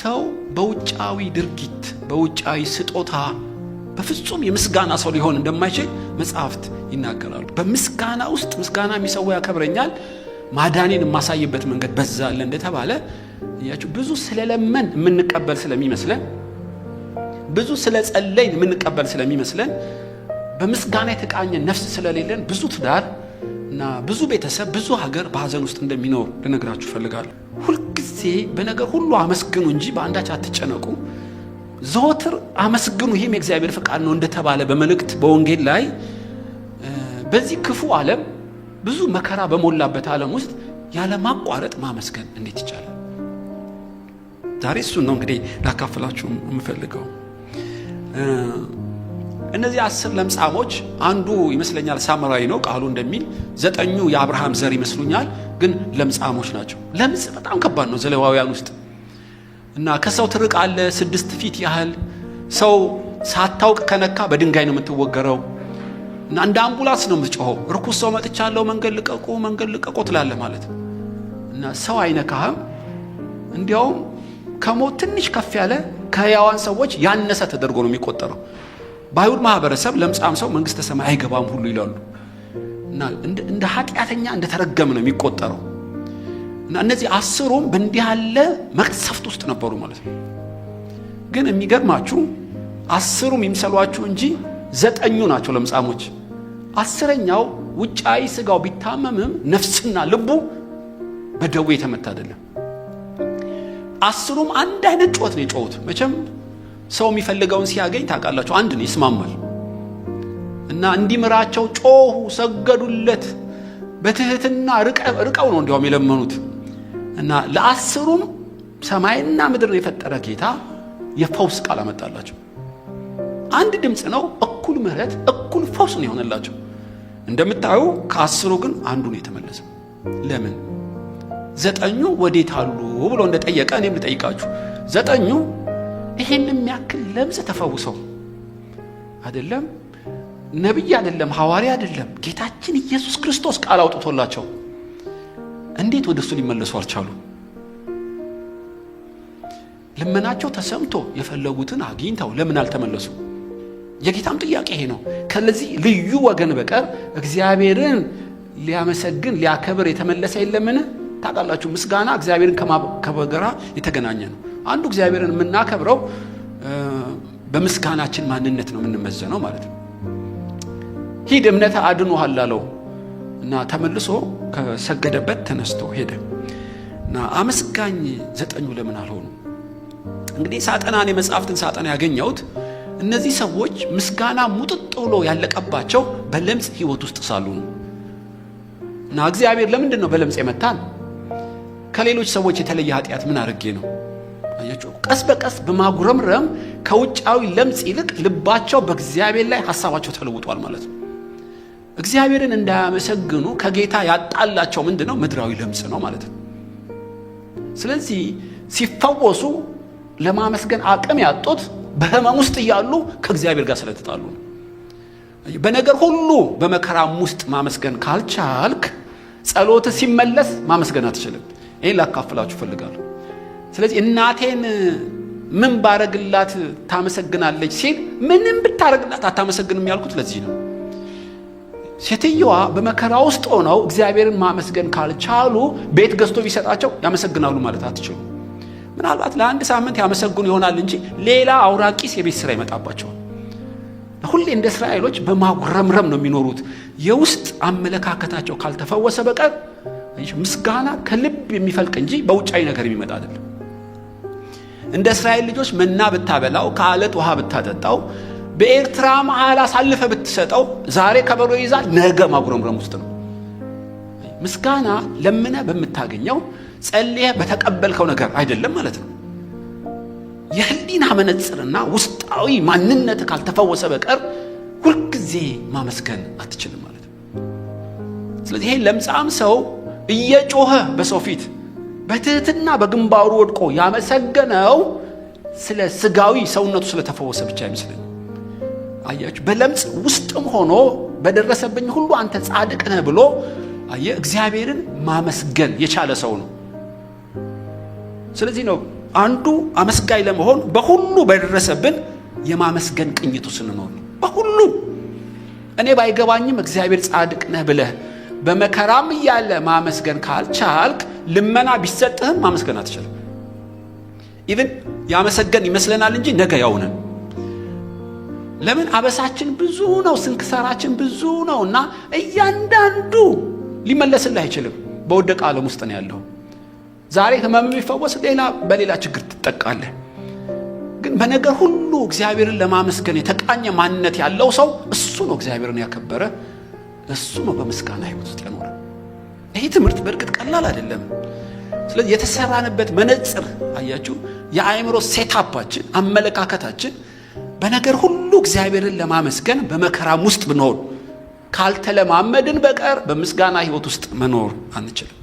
ሰው በውጫዊ ድርጊት በውጫዊ ስጦታ በፍጹም የምስጋና ሰው ሊሆን እንደማይችል መጽሐፍት ይናገራሉ። በምስጋና ውስጥ ምስጋና የሚሰው ያከብረኛል፣ ማዳኔን የማሳይበት መንገድ በዛ አለ እንደተባለ እያቸው ብዙ ስለለመን የምንቀበል ስለሚመስለን ብዙ ጸለይን የምንቀበል ስለሚመስለን በምስጋና የተቃኘ ነፍስ ስለሌለን ብዙ ትዳር እና ብዙ ቤተሰብ ብዙ ሀገር በሀዘን ውስጥ እንደሚኖር ልነግራችሁ እፈልጋለሁ። ሁልጊዜ በነገር ሁሉ አመስግኑ እንጂ በአንዳች አትጨነቁ። ዘወትር አመስግኑ፣ ይህም የእግዚአብሔር ፈቃድ ነው እንደተባለ በመልእክት በወንጌል ላይ በዚህ ክፉ ዓለም ብዙ መከራ በሞላበት ዓለም ውስጥ ያለ ማቋረጥ ማመስገን እንዴት ይቻላል? ዛሬ እሱን ነው እንግዲህ ላካፍላችሁ የምፈልገው። እነዚህ አስር ለምጻሞች አንዱ ይመስለኛል ሳምራዊ ነው ቃሉ እንደሚል ዘጠኙ የአብርሃም ዘር ይመስሉኛል፣ ግን ለምጻሞች ናቸው። ለምጽ በጣም ከባድ ነው ዘለዋውያን ውስጥ እና ከሰው ትርቅ አለ ስድስት ፊት ያህል ሰው ሳታውቅ ከነካ በድንጋይ ነው የምትወገረው እና እንደ አምቡላንስ ነው የምትጮኸው። ርኩስ ሰው መጥቻለሁ፣ መንገድ ልቀቁ፣ መንገድ ልቀቁ ትላለ ማለት ነው። እና ሰው አይነካህም። እንዲያውም ከሞት ትንሽ ከፍ ያለ ከህያዋን ሰዎች ያነሰ ተደርጎ ነው የሚቆጠረው። በአይሁድ ማህበረሰብ ለምጻም ሰው መንግስተ ሰማይ አይገባም ሁሉ ይላሉ እና እንደ ኃጢአተኛ እንደ ተረገም ነው የሚቆጠረው። እና እነዚህ አስሩም በእንዲህ ያለ መቅሰፍት ውስጥ ነበሩ ማለት ነው። ግን የሚገርማችሁ አስሩም ይምሰሏችሁ እንጂ ዘጠኙ ናቸው ለምጻሞች። አስረኛው ውጫዊ ስጋው ቢታመምም ነፍስና ልቡ በደዌ የተመታ አይደለም። አስሩም አንድ አይነት ጩኸት ነው የጮሁት መቼም ሰው የሚፈልገውን ሲያገኝ ታውቃላቸው አንድ ነው፣ ይስማማል። እና እንዲምራቸው ጮሁ፣ ሰገዱለት። በትህትና ርቀው ነው እንዲያውም የለመኑት። እና ለአስሩም ሰማይና ምድርን የፈጠረ ጌታ የፈውስ ቃል አመጣላቸው። አንድ ድምፅ ነው፣ እኩል ምሕረት፣ እኩል ፈውስ ነው የሆነላቸው። እንደምታዩ ከአስሩ ግን አንዱ ነው የተመለሰ። ለምን ዘጠኙ ወዴት አሉ ብሎ እንደጠየቀ እኔም ልጠይቃችሁ ዘጠኙ ይሄን የሚያክል ለምጽ ተፈውሰው አይደለም ነቢይ አይደለም ሐዋሪ አይደለም ጌታችን ኢየሱስ ክርስቶስ ቃል አውጥቶላቸው እንዴት ወደ እሱ ሊመለሱ አልቻሉ? ልመናቸው ተሰምቶ የፈለጉትን አግኝተው ለምን አልተመለሱ? የጌታም ጥያቄ ይሄ ነው። ከለዚህ ልዩ ወገን በቀር እግዚአብሔርን ሊያመሰግን ሊያከብር የተመለሰ የለምን? ታውቃላችሁ፣ ምስጋና እግዚአብሔርን ከማክበር የተገናኘ ነው። አንዱ እግዚአብሔርን የምናከብረው በምስጋናችን ማንነት ነው የምንመዘነው ማለት ነው። ሂድ እምነት አድኖሃል አለው እና ተመልሶ ከሰገደበት ተነስቶ ሄደ እና አመስጋኝ ዘጠኙ ለምን አልሆኑ? እንግዲህ ሳጠና እኔ መጽሐፍትን ሳጠና ያገኘሁት እነዚህ ሰዎች ምስጋና ሙጥጥ ብሎ ያለቀባቸው በለምጽ ህይወት ውስጥ ሳሉ ነው። እና እግዚአብሔር ለምንድን ነው በለምጽ የመታን? ከሌሎች ሰዎች የተለየ ኃጢአት ምን አድርጌ ነው? አያችሁ፣ ቀስ በቀስ በማጉረምረም ከውጫዊ ለምጽ ይልቅ ልባቸው በእግዚአብሔር ላይ ሀሳባቸው ተለውጧል ማለት ነው። እግዚአብሔርን እንዳያመሰግኑ ከጌታ ያጣላቸው ምንድን ነው? ምድራዊ ለምጽ ነው ማለት ነው። ስለዚህ ሲፈወሱ ለማመስገን አቅም ያጡት በህመም ውስጥ እያሉ ከእግዚአብሔር ጋር ስለተጣሉ ነው። በነገር ሁሉ በመከራም ውስጥ ማመስገን ካልቻልክ ጸሎት ሲመለስ ማመስገን አትችልም። ይህን ላካፍላችሁ እፈልጋለሁ። ስለዚህ እናቴን ምን ባረግላት ታመሰግናለች ሲል ምንም ብታረግላት አታመሰግንም ያልኩት ለዚህ ነው። ሴትየዋ በመከራ ውስጥ ሆነው እግዚአብሔርን ማመስገን ካልቻሉ ቤት ገዝቶ ቢሰጣቸው ያመሰግናሉ ማለት አትችሉ። ምናልባት ለአንድ ሳምንት ያመሰግኑ ይሆናል እንጂ ሌላ አውራቂስ የቤት ስራ ይመጣባቸዋል። ሁሌ እንደ እስራኤሎች በማጉረምረም ነው የሚኖሩት። የውስጥ አመለካከታቸው ካልተፈወሰ በቀር ምስጋና ከልብ የሚፈልቅ እንጂ በውጫዊ ነገር የሚመጣ አይደለም። እንደ እስራኤል ልጆች መና ብታበላው፣ ከአለት ውሃ ብታጠጣው፣ በኤርትራ መሃል አሳልፈ ብትሰጠው፣ ዛሬ ከበሮ ይዛል፣ ነገ ማጉረምረም ውስጥ ነው። ምስጋና ለምነ በምታገኘው ጸልየ በተቀበልከው ነገር አይደለም ማለት ነው። የህሊና መነጽርና ውስጣዊ ማንነት ካልተፈወሰ በቀር ሁልጊዜ ማመስገን አትችልም ማለት ነው። ስለዚህ ይሄ ለምጻም ሰው እየጮኸ በሰው ፊት በትህትና በግንባሩ ወድቆ ያመሰገነው ስለ ስጋዊ ሰውነቱ ስለተፈወሰ ብቻ አይመስለኝም። አያችሁ፣ በለምጽ ውስጥም ሆኖ በደረሰብኝ ሁሉ አንተ ጻድቅ ነህ ብሎ አየ እግዚአብሔርን ማመስገን የቻለ ሰው ነው። ስለዚህ ነው አንዱ አመስጋኝ ለመሆን በሁሉ በደረሰብን የማመስገን ቅኝቱ ስንኖር ነው። በሁሉ እኔ ባይገባኝም እግዚአብሔር ጻድቅ ነህ ብለህ በመከራም እያለ ማመስገን ካልቻልክ ልመና ቢሰጥህም ማመስገን አትችልም። ኢቭን ያመሰገን ይመስለናል እንጂ ነገ ያው ለምን አበሳችን ብዙ ነው፣ ስንክሳራችን ብዙ ነው እና እያንዳንዱ ሊመለስልህ አይችልም። በወደቀ ዓለም ውስጥ ነው ያለው። ዛሬ ህመም የሚፈወስ ሌላ በሌላ ችግር ትጠቃለህ። ግን በነገር ሁሉ እግዚአብሔርን ለማመስገን የተቃኘ ማንነት ያለው ሰው እሱ ነው እግዚአብሔርን ያከበረ፣ እሱ ነው በምስጋና ህይወት ውስጥ ያኖረ። ይህ ትምህርት በእርግጥ ቀላል አይደለም። ስለዚህ የተሰራንበት መነጽር አያችሁ፣ የአእምሮ ሴታፓችን አመለካከታችን በነገር ሁሉ እግዚአብሔርን ለማመስገን በመከራም ውስጥ ብንሆን ካልተለማመድን በቀር በምስጋና ህይወት ውስጥ መኖር አንችልም።